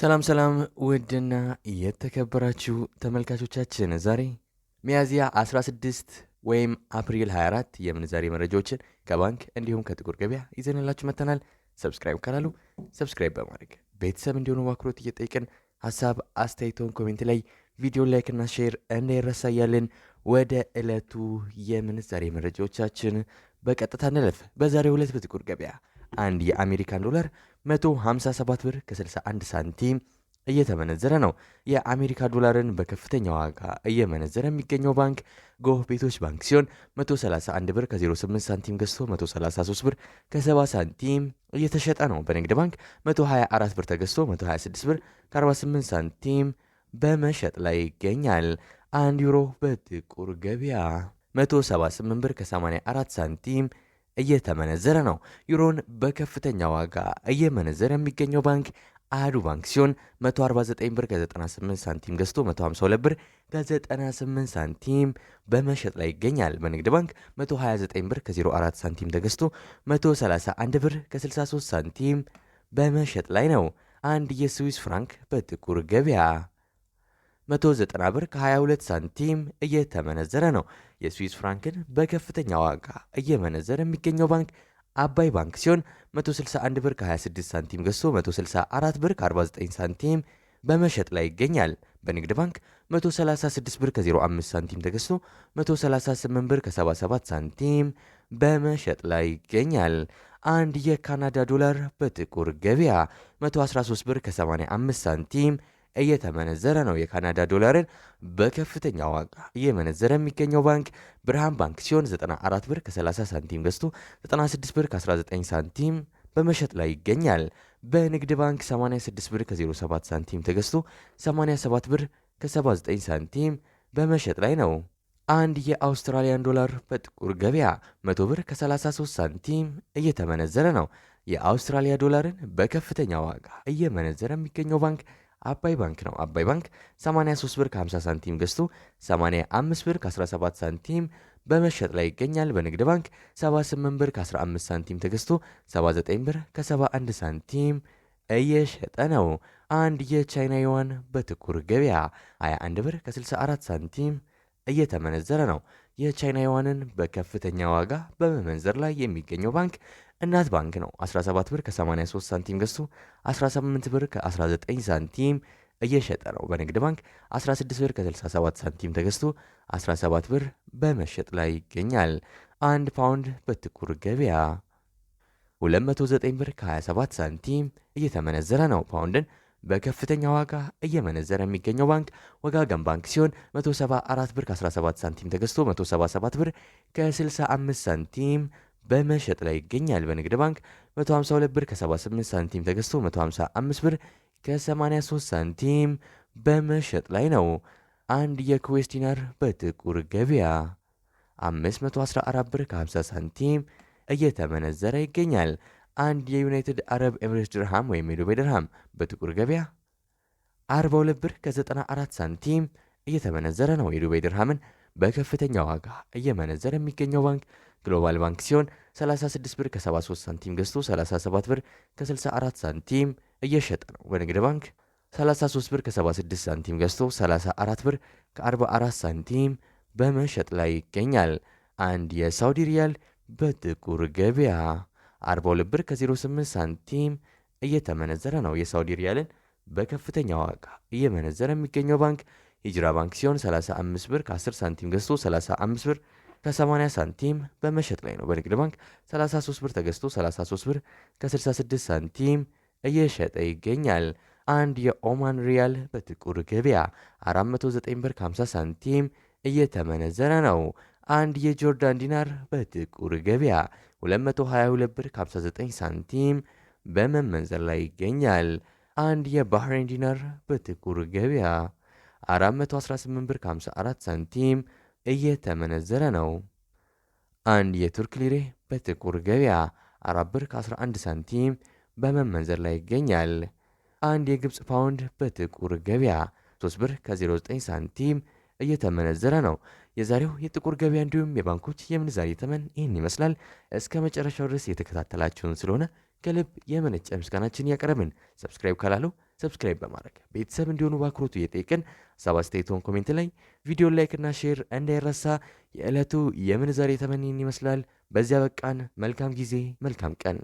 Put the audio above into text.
ሰላም ሰላም ውድና የተከበራችሁ ተመልካቾቻችን ዛሬ ሚያዝያ 16 ወይም አፕሪል 24 የምንዛሬ መረጃዎችን ከባንክ እንዲሁም ከጥቁር ገበያ ይዘንላችሁ መተናል። ሰብስክራይብ ካላሉ ሰብስክራይብ በማድረግ ቤተሰብ እንዲሆኑ በአክብሮት እየጠየቅን ሀሳብ አስተያየቶን ኮሜንት ላይ ቪዲዮ ላይክና ሼር እንዳይረሳ እያልን ወደ ዕለቱ የምንዛሬ መረጃዎቻችን በቀጥታ እንለፍ። በዛሬው ዕለት በጥቁር ገበያ አንድ የአሜሪካን ዶላር 157 ብር ከ61 ሳንቲም እየተመነዘረ ነው። የአሜሪካ ዶላርን በከፍተኛ ዋጋ እየመነዘረ የሚገኘው ባንክ ጎህ ቤቶች ባንክ ሲሆን 131 ብር ከ08 ሳንቲም ገዝቶ 133 ብር ከ70 ሳንቲም እየተሸጠ ነው። በንግድ ባንክ 124 ብር ተገዝቶ 126 ብር ከ48 ሳንቲም በመሸጥ ላይ ይገኛል። አንድ ዩሮ በጥቁር ገበያ 178 ብር ከ84 ሳንቲም እየተመነዘረ ነው። ዩሮን በከፍተኛ ዋጋ እየመነዘረ የሚገኘው ባንክ አህዱ ባንክ ሲሆን 149 ብር ከ98 ሳንቲም ገዝቶ 152 ብር ከ98 ሳንቲም በመሸጥ ላይ ይገኛል። በንግድ ባንክ 129 ብር ከ04 ሳንቲም ተገዝቶ 131 ብር ከ63 ሳንቲም በመሸጥ ላይ ነው። አንድ የስዊስ ፍራንክ በጥቁር ገበያ 190 ብር ከ22 ሳንቲም እየተመነዘረ ነው። የስዊስ ፍራንክን በከፍተኛ ዋጋ እየመነዘረ የሚገኘው ባንክ አባይ ባንክ ሲሆን 161 ብር ከ26 ሳንቲም ገዝቶ 164 ብር ከ49 ሳንቲም በመሸጥ ላይ ይገኛል። በንግድ ባንክ 136 ብር ከ05 ሳንቲም ተገዝቶ 138 ብር ከ77 ሳንቲም በመሸጥ ላይ ይገኛል። አንድ የካናዳ ዶላር በጥቁር ገበያ 113 ብር ከ85 ሳንቲም እየተመነዘረ ነው። የካናዳ ዶላርን በከፍተኛ ዋጋ እየመነዘረ የሚገኘው ባንክ ብርሃን ባንክ ሲሆን 94 ብር ከ30 ሳንቲም ገዝቶ 96 ብር ከ19 ሳንቲም በመሸጥ ላይ ይገኛል። በንግድ ባንክ 86 ብር ከ07 ሳንቲም ተገዝቶ 87 ብር ከ79 ሳንቲም በመሸጥ ላይ ነው። አንድ የአውስትራሊያን ዶላር በጥቁር ገበያ 100 ብር ከ33 ሳንቲም እየተመነዘረ ነው። የአውስትራሊያ ዶላርን በከፍተኛ ዋጋ እየመነዘረ የሚገኘው ባንክ አባይ ባንክ ነው። አባይ ባንክ 83 ብር ከ50 ሳንቲም ገዝቶ 85 ብር ከ17 ሳንቲም በመሸጥ ላይ ይገኛል። በንግድ ባንክ 78 ብር ከ15 ሳንቲም ተገዝቶ 79 ብር ከ71 ሳንቲም እየሸጠ ነው። አንድ የቻይና ዩዋን በጥቁር ገበያ 21 ብር ከ64 ሳንቲም እየተመነዘረ ነው። የቻይና ዩዋንን በከፍተኛ ዋጋ በመመንዘር ላይ የሚገኘው ባንክ እናት ባንክ ነው። 17 ብር ከ83 ሳንቲም ገዝቶ 18 ብር ከ19 ሳንቲም እየሸጠ ነው። በንግድ ባንክ 16 ብር ከ67 ሳንቲም ተገዝቶ 17 ብር በመሸጥ ላይ ይገኛል። አንድ ፓውንድ በጥቁር ገበያ 209 ብር ከ27 ሳንቲም እየተመነዘረ ነው። ፓውንድን በከፍተኛ ዋጋ እየመነዘረ የሚገኘው ባንክ ወጋገን ባንክ ሲሆን 174 ብር ከ17 ሳንቲም ተገዝቶ 177 ብር ከ65 ሳንቲም በመሸጥ ላይ ይገኛል። በንግድ ባንክ 152 ብር ከ78 ሳንቲም ተገዝቶ 155 ብር ከ83 ሳንቲም በመሸጥ ላይ ነው። አንድ የኩዌስ ዲናር በጥቁር ገበያ 514 ብር ከ50 ሳንቲም እየተመነዘረ ይገኛል። አንድ የዩናይትድ አረብ ኤምሬት ድርሃም ወይም የዱባይ ድርሃም በጥቁር ገበያ 42 ብር ከ94 ሳንቲም እየተመነዘረ ነው። የዱባይ ድርሃምን በከፍተኛ ዋጋ እየመነዘረ የሚገኘው ባንክ ግሎባል ባንክ ሲሆን 36 ብር ከ73 ሳንቲም ገዝቶ 37 ብር ከ64 ሳንቲም እየሸጠ ነው። በንግድ ባንክ 33 ብር ከ76 ሳንቲም ገዝቶ 34 ብር ከ44 ሳንቲም በመሸጥ ላይ ይገኛል። አንድ የሳውዲ ሪያል በጥቁር ገበያ 42 ብር ከ08 ሳንቲም እየተመነዘረ ነው። የሳውዲ ሪያልን በከፍተኛ ዋጋ እየመነዘረ የሚገኘው ባንክ ሂጅራ ባንክ ሲሆን 35 ብር ከ10 ሳንቲም ገዝቶ 35 ብር ከ80 ሳንቲም በመሸጥ ላይ ነው። በንግድ ባንክ 33 ብር ተገዝቶ 33 ብር ከ66 ሳንቲም እየሸጠ ይገኛል። አንድ የኦማን ሪያል በጥቁር ገበያ 409 ብር ከ50 ሳንቲም እየተመነዘረ ነው። አንድ የጆርዳን ዲናር በጥቁር ገበያ 222 ብር 59 ሳንቲም በመመንዘር ላይ ይገኛል። አንድ የባህሬን ዲናር በጥቁር ገበያ 418 ብር 54 ሳንቲም እየተመነዘረ ነው። አንድ የቱርክ ሊሬ በጥቁር ገበያ 4 ብር 11 ሳንቲም በመመንዘር ላይ ይገኛል። አንድ የግብፅ ፓውንድ በጥቁር ገበያ 3 ብር ከ09 ሳንቲም እየተመነዘረ ነው። የዛሬው የጥቁር ገበያ እንዲሁም የባንኮች የምንዛሪ ተመን ይህን ይመስላል። እስከ መጨረሻው ድረስ የተከታተላችሁን ስለሆነ ከልብ የመነጨ ምስጋናችን ያቀረብን። ሰብስክራይብ ካላሉ ሰብስክራይብ በማድረግ ቤተሰብ እንዲሆኑ በአክብሮት እየጠየቅን ሀሳብ አስተያየቶን ኮሜንት ላይ ቪዲዮ ላይክና ሼር እንዳይረሳ። የዕለቱ የምንዛሪ ተመን ይህን ይመስላል። በዚያ በቃን። መልካም ጊዜ፣ መልካም ቀን